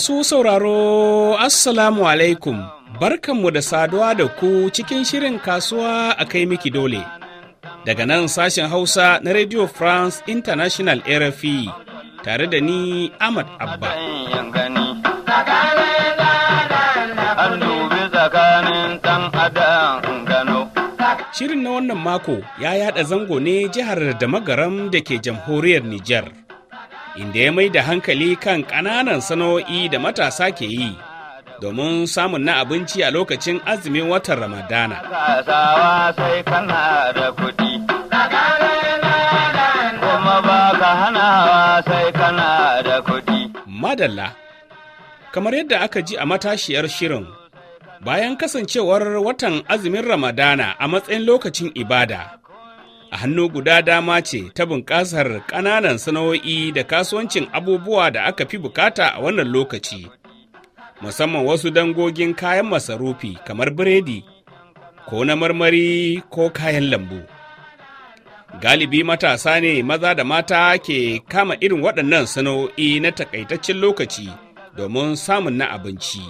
Masu sauraro, Assalamu alaikum, barkanmu da saduwa da ku cikin shirin kasuwa a kai miki dole. Daga nan sashen Hausa na Radio France International RFI tare da ni Ahmad Abba. Shirin na wannan mako ya yada zango ne jihar da magaram da ke jamhuriyar Nijar. inda ya mai da hankali kan ƙananan sana'o'i da matasa ke yi domin samun na abinci a lokacin azumin watan ramadana. Madalla, kamar yadda aka ji a matashiyar shirin, bayan kasancewar watan azumin ramadana a matsayin lokacin ibada. hannu guda dama ce ta bunƙasar ƙananan sana'o'i da kasuwancin abubuwa da aka fi bukata a wannan lokaci musamman wasu dangogin kayan masarufi kamar biredi ko na marmari ko kayan lambu galibi matasa ne maza da mata ke kama irin waɗannan sana'o'i na takaitaccen lokaci domin samun na abinci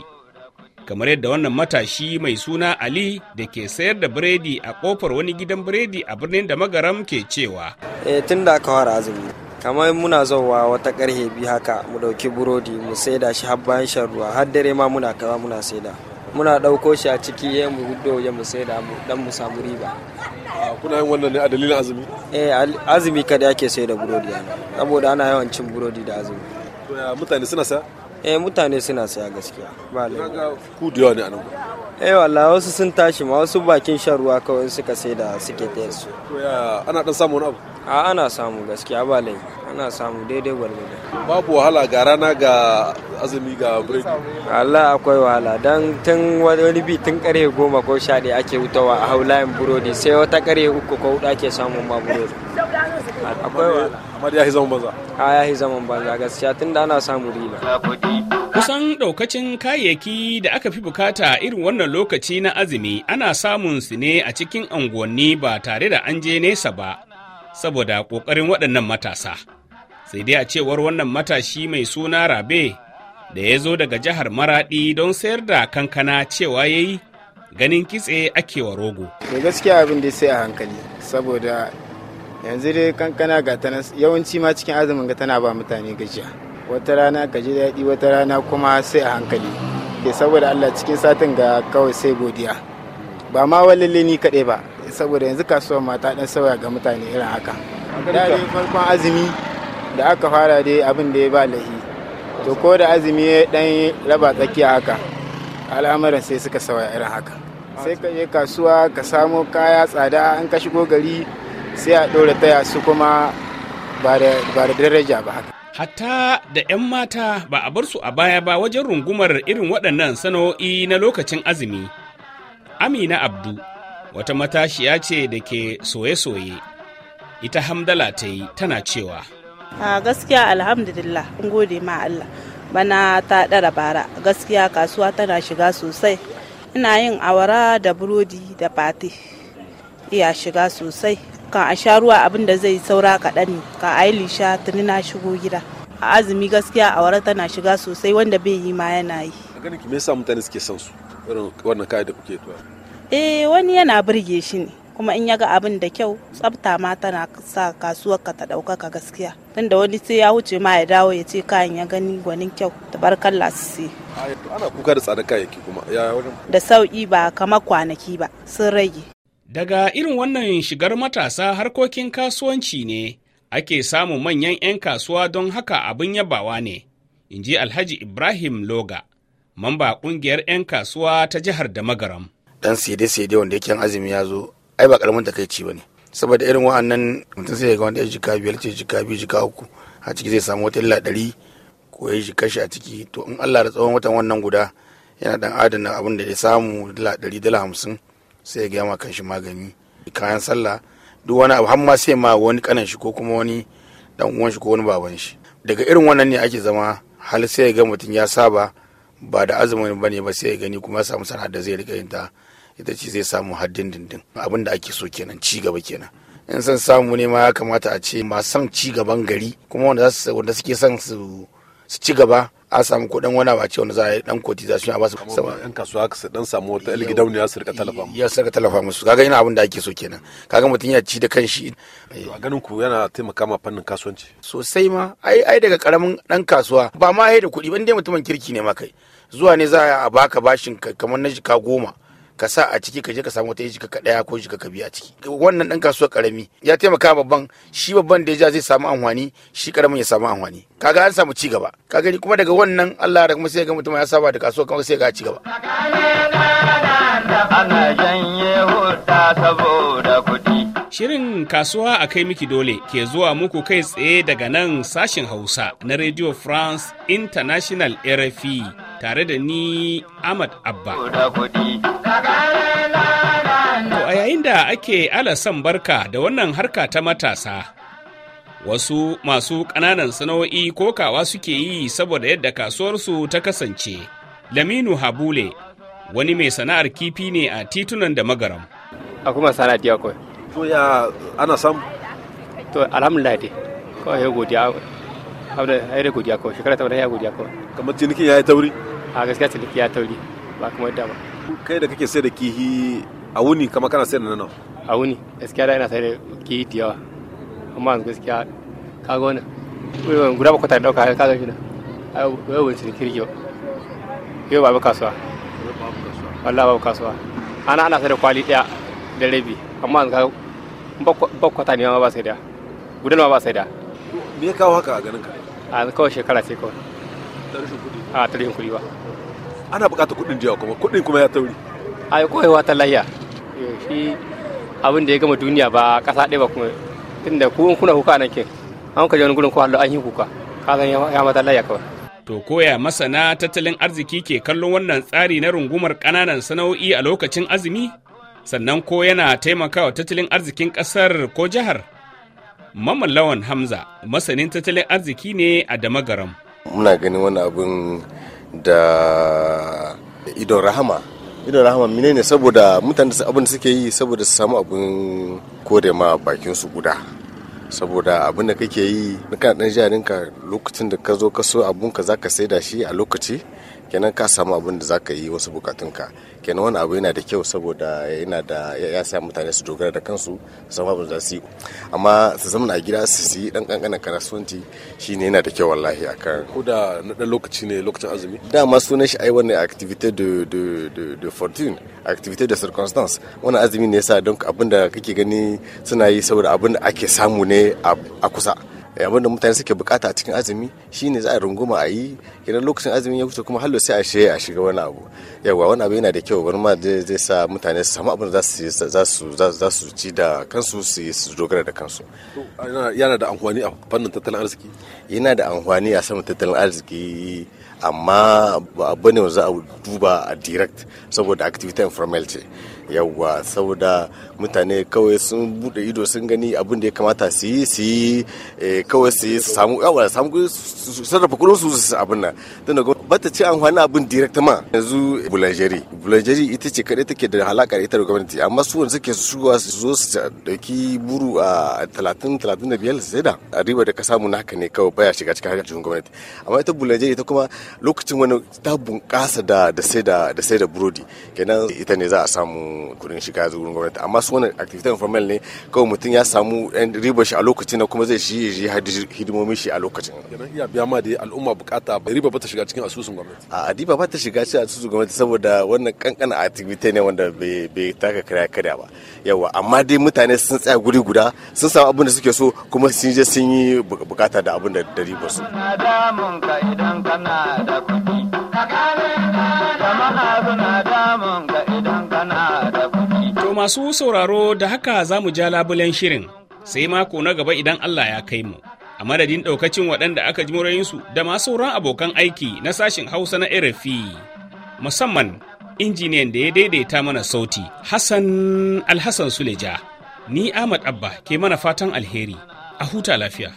kamar yadda wannan matashi mai suna ali da ke sayar da biredi a kofar wani gidan biredi a birnin da magaram ke cewa e tun da aka fara azumi kamar muna zauwa wata karhe bi haka mu dauki burodi mu saida shi har bayan shan ruwa har dare ma muna kawa muna saida muna dauko shi a ciki ya mu gudo ya mu saida mu dan mu samu riba ah, kuna yin wannan ne a dalilin azumi eh azumi kada ake saida burodi yana saboda ana yawan cin burodi da azumi mutane suna sa eh mutane suna saya gaskiya ba laifi ku da yawa ne anan eh wallahi wasu sun tashi ma wasu bakin shan ruwa kawai suka sai da suke tayar su ana dan samu wani abu a ana samu gaskiya ba lai ana samu daidai gwargwado babu wahala ga rana ga azumi ga biredi Allah akwai wahala dan tun wani bi tun kare goma ko sha ake hutawa a hau burodi sai wata kare uku ko hudu ake samun ma burodi ya yi zaman banza a ya yi zaman banza gaskiya tun da ana samu riba kusan ɗaukacin kayayyaki da aka fi bukata irin wannan lokaci na azumi ana samun su ne a cikin unguwanni ba tare da an je nesa ba saboda ƙoƙarin waɗannan matasa sai dai a cewar wannan matashi mai suna rabe da ya zo daga jihar maraɗi don sayar da kankana cewa ya yi ganin kitse ake wa rogo. gaskiya abin da sai a hankali saboda yanzu dai kankana ga ta yawanci ma cikin azumin ga tana ba mutane gajiya wata rana ka ji daɗi wata rana kuma sai a hankali ke eh, saboda allah cikin satin ga kawai sai godiya ba ma wallalle ni kaɗai ba saboda yanzu kasuwar mata ɗan sauya ga mutane irin haka da dai farkon azumi da aka fara dai abin da ya ba lahi to ko da azumi ya ɗan raba tsakiya haka al'amuran sai suka sauya irin haka sai ka je kasuwa ka samo kaya tsada an ka shigo gari sai a ɗora taya su kuma ba da daraja ba haka hatta da 'yan mata ba a bar su a baya ba wajen rungumar irin waɗannan sana'o'i na lokacin azumi amina abdu wata matashiya ce da ke soye-soye ita hamdala ta yi tana cewa a gaskiya alhamdulillah in gode ma allah bana ta ɗara bara gaskiya kasuwa tana shiga sosai ina yin awara da burodi da fati iya shiga sosai kan a sha ruwa abin da zai saura kaɗan ne kan a yi lisha tuni na shigo gida a azumi gaskiya wara tana shiga sosai wanda bai yi ma yana yi ganin ki me yasa mutane suke son su irin wannan kai da kuke tuwa eh wani yana burge shi ne kuma in ya ga abin da kyau tsafta ma tana sa kasuwar ka ta ɗaukaka gaskiya tunda wani sai ya wuce ma ya dawo ya ce kayan ya gani gwanin kyau tabarkalla su sai ana kuka da tsada kayayyaki kuma ya wajen da sauki ba kamar kwanaki ba sun rage Daga irin wannan shigar matasa harkokin kasuwanci ne ake samun manyan 'yan kasuwa don haka abin yabawa ne, in ji Alhaji Ibrahim Loga, mamba ƙungiyar 'yan kasuwa ta jihar da magaram. Dan sede-sede wanda yake azumi ya zo, ai ba karamin takaici ba ne. Saboda irin wa'annan mutum sai ga wanda ya jika biyar ce jika biyu jika uku a ciki zai samu wata illa ɗari ko ya jika shi a ciki to in Allah da tsawon watan wannan guda yana dan adana abin da ya samu dala ɗari dala hamsin sai ya gaya ma kanshi magani kayan sallah duk wani abu har ma sai ma wani kanan shi ko kuma wani dan uwan shi ko wani baban shi daga irin wannan ne ake zama hal sai ya ga mutum ya saba ba da azumin bane ba sai ya gani kuma ya samu sana da zai rika yin ta ita ce zai samu haddin dindin abin da ake so kenan ci gaba kenan in san samu ne ma ya kamata a ce masu son ci gaban gari kuma wanda suke son su ci gaba a samu kuɗin wani ba ce wani za a yi dan yi a basu sama yan kasuwa su dan samu wata gidauniya ya sirka talafa ya sirka talafa musu kaga yana abin da ake so kenan kaga mutum ya ci da kanshi a ganin ku yana taimaka ma fannin kasuwanci sosai ma ai ai daga karamin dan kasuwa ba ma da kuɗi ban dai mutumin kirki ne ma kai zuwa ne za a baka bashin kamar na jika goma ka sa a ciki ka je ka samu ta yi ka daya ko ka biya a ciki wannan dan kasuwa karami ya taimaka babban shi babban da ya zai samu amfani shi karamin ya samu amfani kaga an samu ci gaba ka gani kuma daga wannan Allah ya sai ga mutum ya saba da kasuwa kuma sai ga ci gaba Shirin kasuwa a kai miki dole ke zuwa muku kai tsaye daga nan sashin Hausa na Radio France International RFI tare da ni Ahmad Abba. To a yayin da ake alasan barka da wannan harka ta matasa, wasu masu ƙananan sana'o'i ko kawa suke yi saboda yadda kasuwarsu ta kasance. Laminu Habule, wani mai sana'ar kifi ne a titunan da magaram. A kuma sana diya kawai. To ya ana sam. To alhamdulillah dai, kawai ya godiya, abu ya godiya kawai, shekara ta wani ya godiya kawai. Kamar tilikin ya yi tauri? A gaskiya ciniki ya tauri, ba kuma yadda ba. kai da kake sai da kihi a wuni kama kana sai da nan a wuni gaskiya da ina sai da kihi da yawa amma yanzu gaskiya ka ga wani guda bakwata da dauka ka ga shi na yau wani cikin kirki yau babu kasuwa wallah babu kasuwa ana ana sai da kwali daya da rabi amma yanzu ka bakwai ma ba sai da gudan ma ba sai da me ya kawo haka a ganin ka a kawai shekara sai kawai a tarihin kuɗi ba ana buƙatar kuɗin jiya kuma kuɗin kuma ya tauri yi koyewa wata layya eh, shi abin da ya gama duniya ba ƙasa ɗaya ba kuma tun da in kuna kuka nan ke an ka wani gudun ko hallo an yi kuka ka ya mata layya kawai to koya masana tattalin arziki ke kallon wannan tsari na rungumar ƙananan sana'o'i a lokacin azumi sannan ko yana taimakawa tattalin arzikin ƙasar ko jihar mamallawan Hamza masanin tattalin arziki ne a Damagaram. Muna ganin wani abin da idon rahama idon rahama mine ne saboda mutane abin da suke yi saboda su samu abin kore ma bakin su guda saboda abin da kake yi kana dan jarinka lokacin da ka zo ka so abun ka zaka saida shi a lokaci kenan ka samu abin da zaka yi wasu bukatunka kenan wani abu yana da kyau saboda yana da ya sa mutane su dogara da kansu su abin da su yi amma su zama a gida su yi dan kankana kasuwanci shine yana da kyau wallahi akan ko da na dan lokaci ne lokacin azumi dama sunan shi ai wannan activité de de de de fortune activité de circonstance wani azumi ne yasa don abin da kake gani suna yi saboda abin da ake samu ne a kusa Eh, abinda mutane suke bukata a cikin azumi shine za a runguma a yi idan lokacin azumi ya wuce kuma hallo sai a shiga a shiga wani abu yawa wani abu yana da kyau bari ma zai sa mutane su samu abin da za su ci da kansu su dogara da kansu yana da amfani a fannin tattalin arziki yana da amfani a saman tattalin arziki amma abu ne za a duba a direct saboda activity informal ce yawa saboda mutane kawai sun bude ido sun gani abin da ya kamata su yi su yi eh, kawai su yi su samu yawa su samu su sarrafa kudin su su abin nan don da bata ce an hana abin directement yanzu bulangeri bulangeri ita ce kadai take da halaka da ita da gwamnati amma su wanda suke shugowa su zo su dauki buru a 30 35 zai da a riba da ka samu na haka ne kawai baya shiga cikin harkar gwamnati amma ita bulangeri ita kuma lokacin wani ta bunkasa da da sai da da sai da burodi kenan ita ne za a samu kudin shiga zuwa gwamnati amma su wani activity informal ne kawai mutum ya samu riba shi a lokacin na kuma zai shi hidimomin shi a lokacin kenan biya ma da al'umma bukata riba ba ta shiga cikin asusun gwamnati a riba ba ta shiga cikin asusun gwamnati saboda wannan kankana activity ne wanda bai taka kare kare ba Yawwa amma dai mutane sun tsaya guri guda sun samu abin da suke so kuma sun je sun yi bukata da abin da da riba su to masu sauraro da haka za mu ja labulen shirin sai mako na gaba idan Allah ya kai mu. A madadin ɗaukacin waɗanda aka ji morayinsu da ma sauran abokan aiki na sashin Hausa na RFI, musamman injiniyan da ya daidaita mana sauti, Hassan Alhassan Suleja. Ni Ahmad Abba ke mana fatan alheri, a huta lafiya.